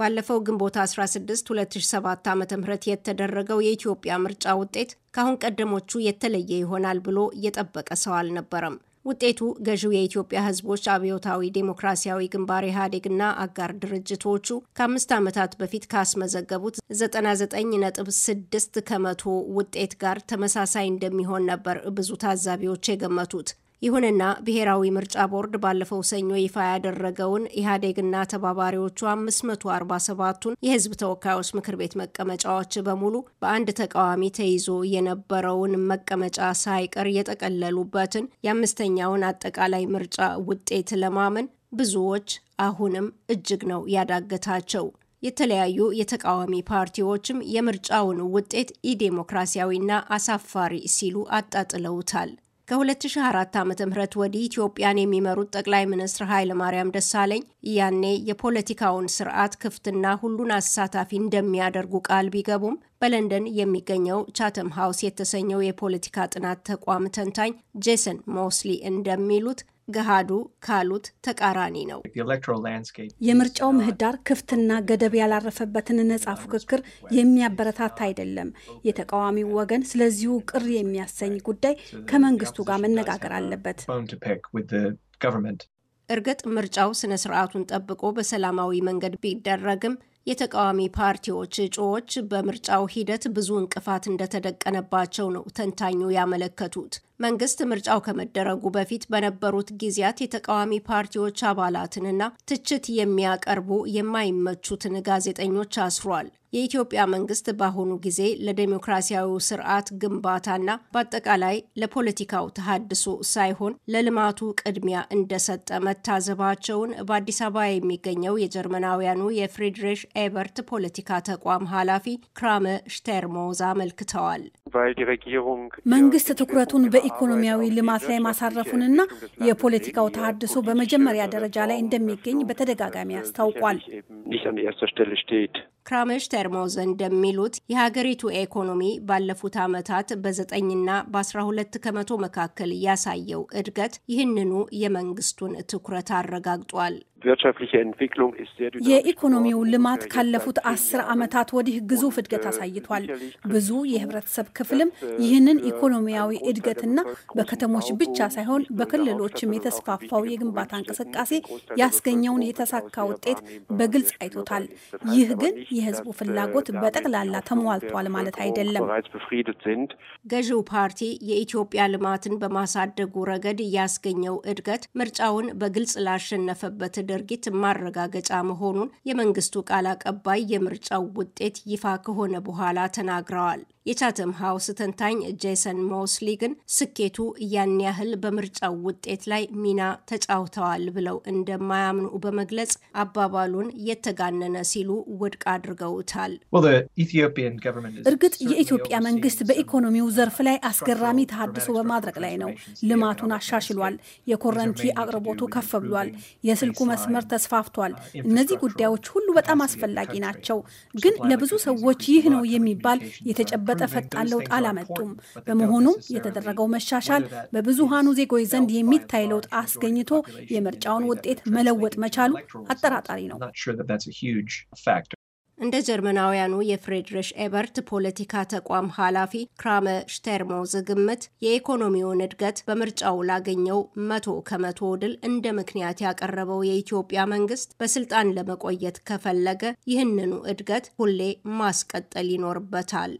ባለፈው ግንቦት 16 2007 ዓ ም የተደረገው የኢትዮጵያ ምርጫ ውጤት ከአሁን ቀደሞቹ የተለየ ይሆናል ብሎ የጠበቀ ሰው አልነበረም። ውጤቱ ገዢው የኢትዮጵያ ሕዝቦች አብዮታዊ ዴሞክራሲያዊ ግንባር ኢህአዴግና አጋር ድርጅቶቹ ከአምስት ዓመታት በፊት ካስመዘገቡት 99.6 ከመቶ ውጤት ጋር ተመሳሳይ እንደሚሆን ነበር ብዙ ታዛቢዎች የገመቱት። ይሁንና ብሔራዊ ምርጫ ቦርድ ባለፈው ሰኞ ይፋ ያደረገውን ኢህአዴግና ተባባሪዎቹ 547ቱን የህዝብ ተወካዮች ምክር ቤት መቀመጫዎች በሙሉ በአንድ ተቃዋሚ ተይዞ የነበረውን መቀመጫ ሳይቀር የጠቀለሉበትን የአምስተኛውን አጠቃላይ ምርጫ ውጤት ለማመን ብዙዎች አሁንም እጅግ ነው ያዳገታቸው። የተለያዩ የተቃዋሚ ፓርቲዎችም የምርጫውን ውጤት ኢዴሞክራሲያዊና አሳፋሪ ሲሉ አጣጥለውታል። ከ2004 ዓ ም ወዲህ ኢትዮጵያን የሚመሩት ጠቅላይ ሚኒስትር ኃይለማርያም ደሳለኝ ያኔ የፖለቲካውን ስርዓት ክፍትና ሁሉን አሳታፊ እንደሚያደርጉ ቃል ቢገቡም በለንደን የሚገኘው ቻተም ሀውስ የተሰኘው የፖለቲካ ጥናት ተቋም ተንታኝ ጄሰን ሞስሊ እንደሚሉት ገሃዱ ካሉት ተቃራኒ ነው። የምርጫው uh, ምህዳር ክፍትና ገደብ ያላረፈበትን ነጻ uh, ፉክክር የሚያበረታታ አይደለም። የተቃዋሚው ወገን ስለዚሁ ቅር የሚያሰኝ ጉዳይ ከመንግስቱ ጋር መነጋገር አለበት። እርግጥ ምርጫው ስነ ስርዓቱን ጠብቆ በሰላማዊ መንገድ ቢደረግም የተቃዋሚ ፓርቲዎች እጩዎች በምርጫው ሂደት ብዙ እንቅፋት እንደተደቀነባቸው ነው ተንታኙ ያመለከቱት። መንግስት ምርጫው ከመደረጉ በፊት በነበሩት ጊዜያት የተቃዋሚ ፓርቲዎች አባላትንና ትችት የሚያቀርቡ የማይመቹትን ጋዜጠኞች አስሯል። የኢትዮጵያ መንግስት በአሁኑ ጊዜ ለዴሞክራሲያዊ ስርዓት ግንባታና በአጠቃላይ ለፖለቲካው ተሃድሶ ሳይሆን ለልማቱ ቅድሚያ እንደሰጠ መታዘባቸውን በአዲስ አበባ የሚገኘው የጀርመናውያኑ የፍሪድሪሽ ኤበርት ፖለቲካ ተቋም ኃላፊ ክራመ ሽተርሞዝ አመልክተዋል። መንግስት ትኩረቱን በ ኢኮኖሚያዊ ልማት ላይ ማሳረፉንና የፖለቲካው ተሃድሶ በመጀመሪያ ደረጃ ላይ እንደሚገኝ በተደጋጋሚ አስታውቋል። ክራመሽ ተርሞዘ እንደሚሉት የሀገሪቱ ኢኮኖሚ ባለፉት ዓመታት በዘጠኝና በአስራ ሁለት ከመቶ መካከል ያሳየው እድገት ይህንኑ የመንግስቱን ትኩረት አረጋግጧል። የኢኮኖሚው ልማት ካለፉት አስር ዓመታት ወዲህ ግዙፍ እድገት äh, አሳይቷል። ብዙ የህብረተሰብ ክፍልም äh, ይህንን ኢኮኖሚያዊ እድገትና በከተሞች ብቻ ሳይሆን በክልሎችም የተስፋፋው የግንባታ እንቅስቃሴ ያስገኘውን የተሳካ ውጤት በግልጽ አይቶታል። ይህ ግን የህዝቡ ፍላጎት äh, በጠቅላላ ተሟልቷል ማለት አይደለም። ገዢው ፓርቲ የኢትዮጵያ ልማትን በማሳደጉ ረገድ ያስገኘው እድገት ምርጫውን በግልጽ ላሸነፈበት ድርጊት ማረጋገጫ መሆኑን የመንግስቱ ቃል አቀባይ የምርጫው ውጤት ይፋ ከሆነ በኋላ ተናግረዋል። የቻተም ሀውስ ተንታኝ ጄሰን ሞስሊ ግን ስኬቱ ያን ያህል በምርጫው ውጤት ላይ ሚና ተጫውተዋል ብለው እንደማያምኑ በመግለጽ አባባሉን የተጋነነ ሲሉ ውድቅ አድርገውታል። እርግጥ የኢትዮጵያ መንግስት በኢኮኖሚው ዘርፍ ላይ አስገራሚ ተሃድሶ በማድረግ ላይ ነው። ልማቱን አሻሽሏል። የኮረንቲ አቅርቦቱ ከፍ ብሏል። የስልኩ መስመር ተስፋፍቷል። እነዚህ ጉዳዮች ሁሉ በጣም አስፈላጊ ናቸው። ግን ለብዙ ሰዎች ይህ ነው የሚባል የተጨበጠ ፈጣን ለውጥ አላመጡም። በመሆኑም የተደረገው መሻሻል በብዙሃኑ ዜጎች ዘንድ የሚታይ ለውጥ አስገኝቶ የምርጫውን ውጤት መለወጥ መቻሉ አጠራጣሪ ነው። እንደ ጀርመናውያኑ የፍሬድሪሽ ኤበርት ፖለቲካ ተቋም ኃላፊ ክራመ ሽተርሞዝ ግምት የኢኮኖሚውን እድገት በምርጫው ላገኘው መቶ ከመቶ ድል እንደ ምክንያት ያቀረበው የኢትዮጵያ መንግስት በስልጣን ለመቆየት ከፈለገ ይህንኑ እድገት ሁሌ ማስቀጠል ይኖርበታል።